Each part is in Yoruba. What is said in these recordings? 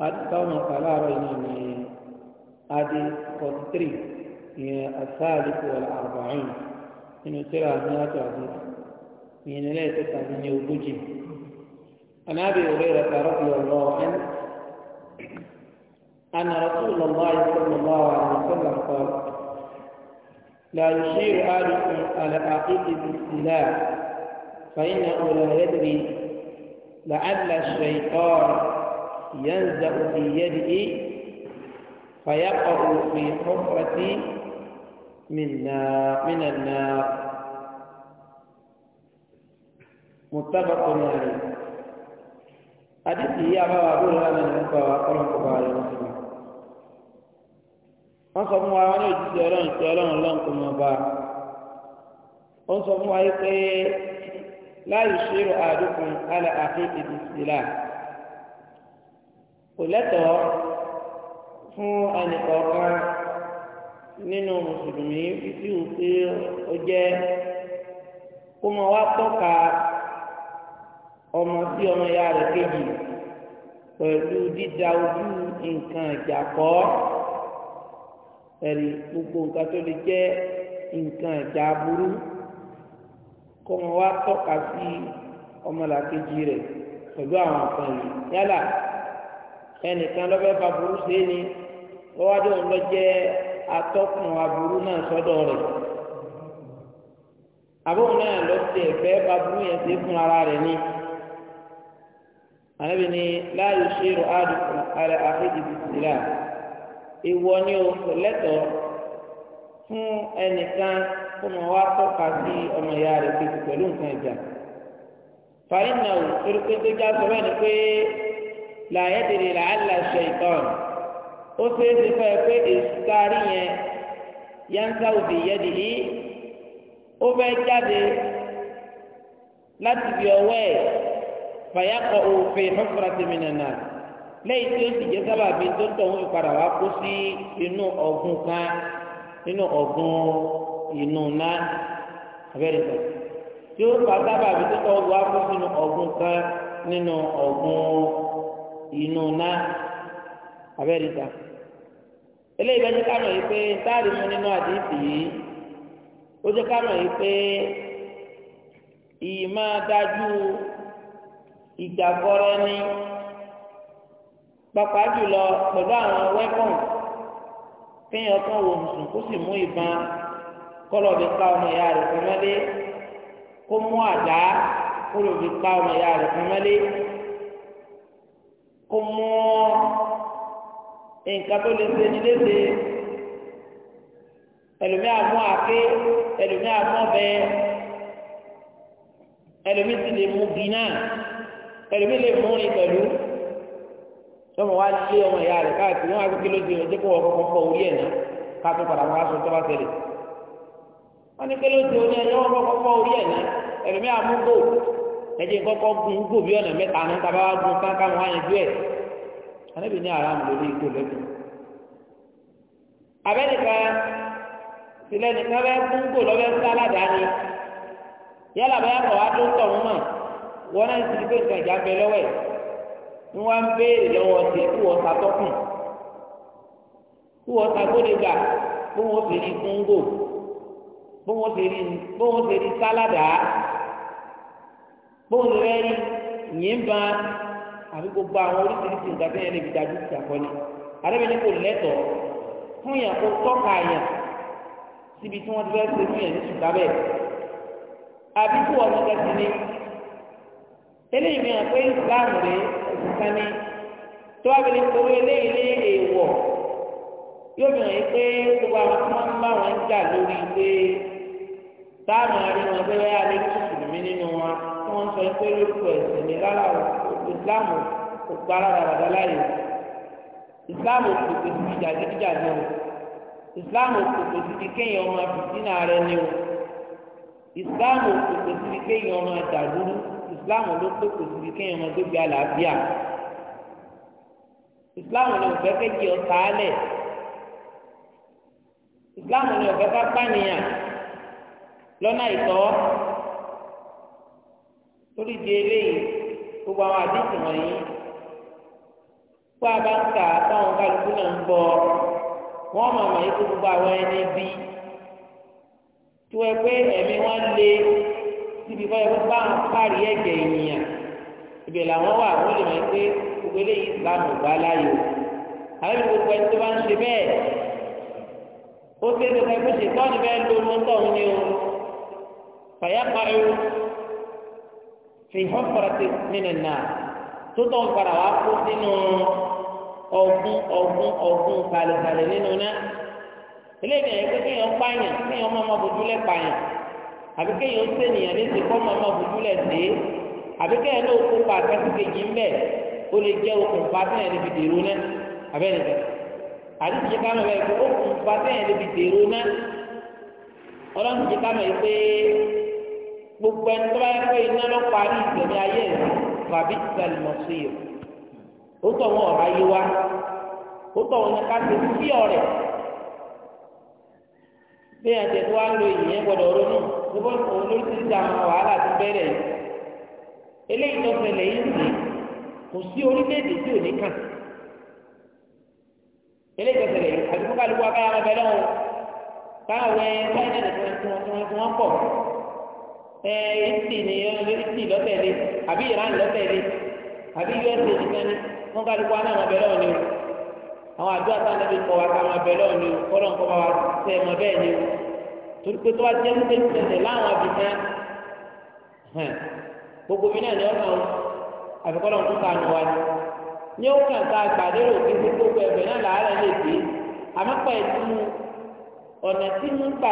قد قوم قال رجلني أدي قطري هي الثالث والأربعين إنه ترى مئات عزيز من لا تتعب من يوجد عن أبي هريرة رضي الله عنه أن رسول الله صلى الله عليه وسلم قال لا يشير أهلكم على عقيدة السلاح فإن أولى يدري لعل الشيطان ينزع في يده فيقع في حفرة من نار من النار متفق عليه حديث يا بابا أقول أنا نبقى وأقول لكم على مسلم wọ́n sọ fún wa wọ́n ní òjijì ọlọ́run tí ọlọ́run lọ́n kò mọ̀ bá wọ́n sọ fún wa yìí pé láì ṣe àdókùn alẹ́ àfi ìdìsílà kò lẹ́tọ̀ọ́ fún ẹnìkọ̀ọ̀kan nínú mùsùlùmí fífi òkè ó jẹ́ kó mọ wá tọ́ka ọmọ sí ọmọ ya rẹ̀ kejì pẹ̀lú dídá ojú nǹkan ìjà kọ́ ẹ̀rí gbogbo nǹkan tó lè jẹ́ nǹkan ìjà burú kó mọ wá tọ́ka sí ọmọlàkejì rẹ̀ pẹ̀lú àwọn nǹkan yálà ẹnìkan lọ́fẹ́ fa burú sí ni wọ́n wá dé òun lọ jẹ́ atọ́kùn aburú náà sọ́dọ̀ rẹ̀ àbóhùn náà lọ sí ẹ̀fẹ́ fa burú yẹn sí fún ara rẹ̀ ni ànábì ni láàyò ṣe rò àdùkù ara àfẹ́jì bìsìlá ìwọ ni o lẹ́tọ̀ọ́ fún ẹnìkan kó mọ̀ tọ́ka sí ọmọ ìyá rẹ̀ pẹ̀lú nǹkan ìjà fàyínà ò torí pé tó já sọ bẹ́ẹ̀ ni pé làyẹ́dìrì làálà ṣèitán ó ṣeé ṣe fẹ́ pé èsì kárí yẹn yánsá òbí yẹ́dì yìí ó fẹ́ jáde láti fi ọwọ́ ẹ̀ fàyàkọ̀ òfin mọ́fúrasì mìíràn náà lẹ́yìn tí ó sì jẹ́ sábàbí tó tọ̀ ń padà wá kó sí inú ọ̀gùn kan nínú ọ̀gùn inú ná abẹ́rẹ́ sọ tí ó fa sábàbí tó tọ̀ wá kó sínú ọ̀gùn kan nínú ọ̀gùn inú náà abẹ́rẹ́ta eléyìí bá jẹ́ ká mọ̀ yìí pé táàrí mu nínú àdìsí yìí ó jẹ́ ká mọ̀ yìí pé ìyí máa dájú ìjàgbọ́rẹ́ ní pàpà jùlọ pẹ̀lú àwọn wẹ́pọ̀n kéèyàn kan wò sùn kó sì mú ìbọn kọ́lọ̀ fi ká ọmọ ìyá rẹ̀ kan mọ́lé kó mú àdá kó lò fi ká ọmọ ìyá rẹ̀ kan mọ́lé kó mọ nǹkan tó lè ṣe ní léṣe ẹlòmí àmú àké ẹlòmí àmú ọbẹ ẹlòmí sì lè mú gínà ẹlòmí lè mú ní pẹ̀lú sọmọ wa lé ọmọ ìyá rẹ káàkiri wọn àgbẹ̀kẹ́ ló di ọjọ́ kó wọ́n kọ́kọ́ fọ orí ẹ̀ náà káàtó padà wọn aṣọ tó bá tẹ̀lé wọn ní kí ló di oní ẹ̀yọ́ wọn kọ́kọ́ orí ẹ̀ náà ẹlòmí àmú gold ẹjẹ kọ́kọ́ gun ugbó bí ọ̀nà mẹ́ta ní tàbá wá gun káńká wọn yẹn dúẹ̀ anábì ní àrà mi lórí igbó lẹ́kùn. abẹ́nìkan tilẹ̀ nìkan bẹ́ẹ̀ gun ugbó lọ́bẹ̀ ń sálàdá ni yálà bá yàtọ̀ wá tó tọ̀ wọn mọ̀ wọn náà ti di pé nǹkan ìjà bẹ lọ́wọ́ ẹ̀ ń wá ń béèrè lọ́wọ́ ti kú wọ́n ta tọ́kùn kú wọ́n ta bó wọ́n ti rí gungo bó wọ́n ti rí sálàdá bóun rẹ rí yín ba àbí gbogbo àwọn oríṣiríṣi nǹkan tó yẹ lè fi da dúkìá kọ́lé arábìnrin kò lẹ́tọ̀ọ́ fún yàn kó tọ́ka yàn síbi tí wọ́n ti fẹ́ ṣe fún yàn ní ṣùgbọ́n bẹ́ẹ̀ àbí kó ọ̀nà kẹsì ni eléyìí mi hàn pé Islam rè ẹ̀sìnká ni tó wá bẹ̀rẹ̀ kóró eléyìí lé èèwọ̀ yóò fi hàn yín pé gbogbo àwọn tí wọ́n ń bá wọn jà lórí pé táwọn arí wọn fẹ́ wáyà ní mùsùlùmí nínú wọn tí wọ́n sọ pé lóko ẹ̀sìn ní lára ìsìláàmù kò gba ara ràdà láàyè ìsìláàmù kò pèsè ìjà gídíjà ní o ìsìláàmù kò pèsè ti kéèyàn ọmọ fìtínà rẹ ní o ìsìláàmù kò pèsè ti kéèyàn ọmọ dàdúrú ìsìláàmù ló pè pèsè ti kéèyàn ọmọ tó gbé àlàáfíà ìsìláàmù ni òfẹ́ kéjì ọ̀tá alẹ̀ ìsìláàmù ni òfẹ́ ká pànìyàn lọ́nà ìtọ́ lórí di eléyìí gbogbo àwọn àdéhùn wọ̀nyí kó a bá ń kà á táwọn kálukú náà ń bọ̀ wọ́n mọ̀ mọ̀ yìí kó gbogbo àwọn ẹni bí tó ẹ pé ẹ̀mí wọn lé síbi kọ́ ẹ pé bá wọn kárí ẹ̀jẹ̀ ènìyàn ibẹ̀ làwọn wà wọ́n lè mọ̀ pé gbogbo eléyìí ìsìlámù gbá láyò àwọn ìlú gbogbo ẹni tó bá ń ṣe bẹ́ẹ̀ ó ṣe é tó ẹ pé ṣètọ́ni bẹ́ẹ̀ ló mọ́tọ́ òun ni o fàyà pa ẹrú fi hɔfɔrɔti nínú nà tó tó ń fara wá kó nínú ọ̀gbun ọ̀gbun ọ̀gbun kàlẹ̀kàlẹ̀ nínú nà eléyìí ẹ̀yẹ pé kéèyàn pààyàn kéèyàn máa ma bójúlẹ̀ pààyàn àbí kéèyàn sènìyàn léṣe kó máa ma bójúlẹ̀ dé àbí kéèyàn náà kó pa akásíkejì ń bẹ̀ ó lè jẹ́ okùnfà téèyàn lè fi dèrò náà abẹ́rẹ́ bẹ́ẹ̀ àdìsí yìí kánú bẹ́ẹ̀ pé okùnfà téèyàn lè dèrò náà ọlọ́run ti kánú yìí pé gbogbo ẹni tó bá yẹ pé iná ló parí ìgbẹ̀mí ayé rẹ̀ fàbí ìsàlẹ̀ mọ̀ sí i ó tọ̀ wọn ọ̀rá yé wa ó tọ̀ wọn ká ṣe sí ọ̀rẹ́ bí ẹ̀ tẹ̀ tó wá ń lo ìyẹn gbọ́dọ̀ ronú níbo òun ló ti dá wàhálà ti bẹ̀rẹ̀ eléyìí tó ṣẹlẹ̀ yìí sí kò sí orílẹ̀-èdè tí ò ní kàn eléyìí tó ṣẹlẹ̀ yìí àti fúnkàlùkù akáyàmọ̀ bẹ̀rẹ̀ wọn káwọn ẹ̀ sáyẹ́nì ẹ ẹtì ni ẹtì lọ́tẹ̀lé àbí ìran àbí usa nìkan ni wọn kájú kó anáwọn ni o àwọn àdúrà táwọn ẹbí kọ wa káwọn o kọ́lọ́ nǹkan wa tẹ ẹ mọ bẹ́ẹ̀ o torí pé tó wá láwọn gbogbo mi náà ni ọ̀nà o àfikọ́lọ́ nǹkan wa ni ní kàn a gbàdérò gbogbo náà àmọ́ ọ̀nà tí mo ń gbà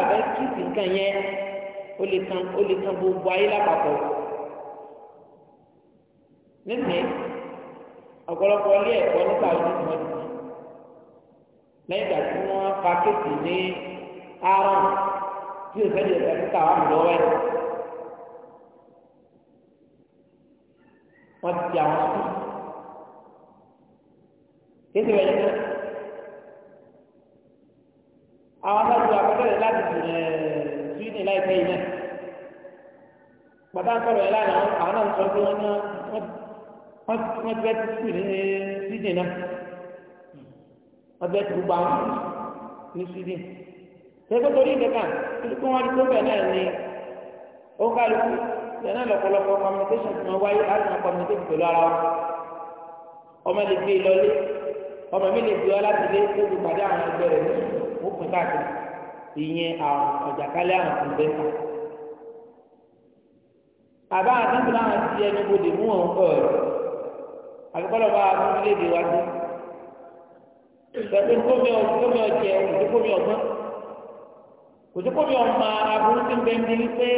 ó lè kan ó lè kan gbogbo ayé lápapọ̀ nísìnyí ọ̀pọ̀lọpọ̀ ilé ẹ̀kọ́ nípa ojúmọ́ ti lẹ́yìn ìgbà tí wọ́n fa kéèkì ní aron tí o sẹ́ni ẹ̀ka títà wà lọ́wọ́ ẹ̀ wọ́n ti di àwọn sùn kéèkì rẹ̀ nìkan àwọn sábà akọ́tẹ́lẹ̀ láti dùn ẹ̀ẹ́. Sweden láìpẹ́ yìí náà bàbá sọ̀rọ̀ yẹn lánàá àwọn náà sọ pé wọ́n ná wọ́n ti bẹ́ẹ̀ ní Sweden náà wọ́n bẹ́ẹ̀ ti gbogbo àwọn ní Sweden tẹ́gbẹ́ torí ìdẹ́ka torí pé wọ́n ti tó bẹ́ẹ̀ ní ó yẹn náà lọ́pọ̀lọpọ̀ communication ti máa wáyé láti máa communicate pẹ̀lú ara wọn ọmọ lè gbé lọlé ọmọ mi lè gbé ọ láti lé tó ti àwọn ẹgbẹ́ rẹ̀ ní òkun káàkiri ìyẹn àrùn ọ̀jàkálẹ̀ àrùn tó bẹ́ẹ̀ fà. àbá àtúntò náà ti ẹnu bodè mú òun kọ̀ ọ̀rọ̀ àbíkọ́lọ̀ bá a fún ilé-èdè wa dé. pẹ̀lú kómi ọ̀jẹ̀ òun tó kómi ọ̀gbọ́n kò tó kómi ọ̀ma aburú tó ń bẹ́ẹ̀ ń bí wípé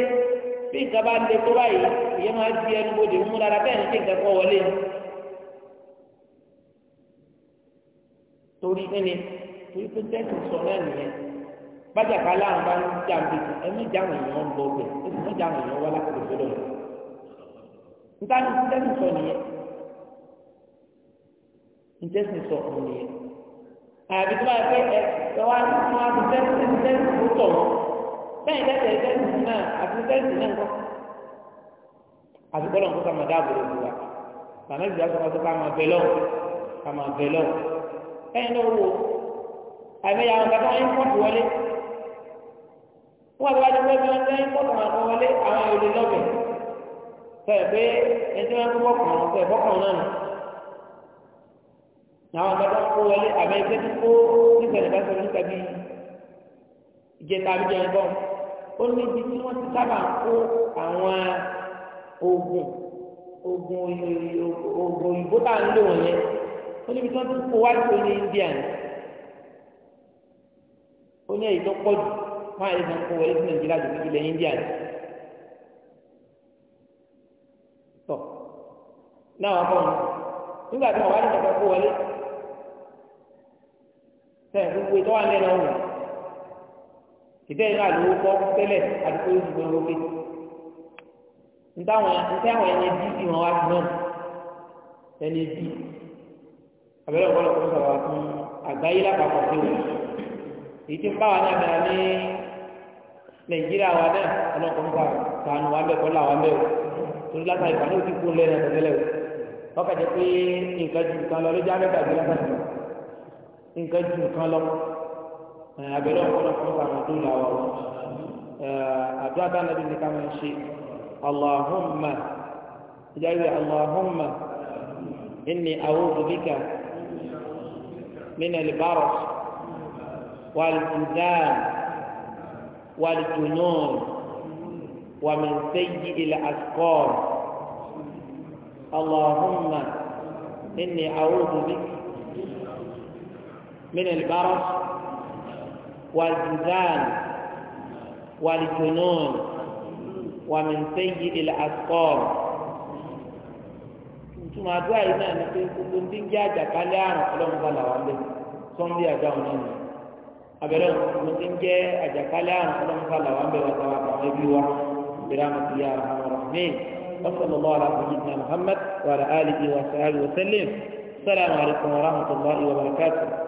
bí nǹkan bá lé tó báyìí ìyẹn máa di ẹnu bodè mú dára bẹ́ẹ̀ ní nǹkan kọ́ wọlé torí ẹni torí pé tẹ́sí sọ náà nìyẹn bàjàkà láwọn bá ń jà ń bìtì ẹ̀mí jáwọn èèyàn ń bọ̀ bẹ̀ ẹ̀mí wọ́n jáwọn èèyàn wá láti lòdì lọ́wọ́ níta ní sẹ́sìn sọ nìyẹn ní sẹ́sìn sọ òun nìyẹn àbí tó bá pẹ́ ẹ ẹ wá ní wọn á ti sẹ́sìn sẹ́sìn tó tọ̀ wọ́n bẹ́ẹ̀ lẹ́sẹ̀ sẹ́sìn náà àti sẹ́sìn náà kọ́ àti kọ́ lọ́nkọ́ ká máa dáàbò lè wù wá bàmí ìjà sọ ká máa bẹ̀ lọ́wọ́ ká máa bẹ̀ lọ́wọ́ ẹ̀yin náà wò àìmẹ́yà àwọn kàtà ẹ̀yin pọ̀ wọn àti wájú pé wọn fẹ́ bọ́kàn àwọn wọlé àwọn èlò lọ́bẹ̀ fẹ́ pé ẹni tí wọ́n fẹ́ bọ́kàn àwọn fẹ́ bọ́kàn náà nù àwọn àgbàdo kó wọlé àmọ́ ẹgbẹ́ tó kó nígbàdàn bá sọ̀rọ̀ nípa bíi ìjẹta àbíjọ ẹ̀bọ ó ní ibi tí wọ́n ti sábà kó àwọn oògùn oògùn oògùn òyìnbó tá à ń lò wọ̀nyẹn ó níbi tí wọ́n ti kó wájú wọn àyè sàn kó wọlé sí nàìjíríà jù ilẹ̀ india ni. tọ náà wọn kọ́ mi nígbà tí wọn wá ní kẹ̀kẹ́ kó wọlé sẹ́yìn gbogbo ìtọ́wà ń lẹ́nu ọ̀hún ìtẹ́ iná àlùwò kọ́ tẹ́lẹ̀ àdúgbò yóò dùgbò lókè ntáwọn ntáwọn ẹni bí bí wọn wá sí náà ẹni bí abẹ́rẹ́ ọ̀pọ̀lọpọ̀ sọ̀rọ̀ àgbáyé lápapọ̀ sí wọn èyí tí ń bá wa náà bẹ̀rẹ̀ ní nàìjíríà wa náà ọlọ́kùnrin wa sànù wa bẹ́ẹ̀ kọ́lá wa bẹ́ẹ̀ o torí látàrí ìpàdé òtí kú lẹ́nu ẹ̀tẹ̀lẹ́ o wọ́n kàjẹ́ pé nǹkan ju nǹkan lọ lójú amẹ́ta ìgbé látàrí nǹkan ju nǹkan lọ abẹ́rẹ́ ọ̀pọ̀lọpọ̀ sàmù tó là wà wọ́n àdúrà tá nàbí ní ká máa ń ṣe allahumma ìjáwé allahumma inni a'udhu bika min al-baras wal-inzal. والجنون ومن سيء الأسقام اللهم إني أعوذ بك من البرص والجزال والجنون ومن سيء الأسقام ìtumọ̀ àdúrà yìí náà ni pé gbogbo ń dín jẹ́ àjàkálẹ̀ àrùn ọlọ́run bá làwọn lé sọ́ńdí àdáhùn náà abẹ́rẹ́ mo ti ń jẹ́ àjàkálẹ̀ àrùn ọlọ́mọba làwọn bẹ̀rẹ̀ wa àtàwọn ẹbí wa bẹ̀rẹ̀ àmọ́ ti yá àwọn ọ̀rọ̀ mi وصلى wa على سيدنا محمد وعلى wa وصحبه وسلم السلام عليكم ورحمة الله وبركاته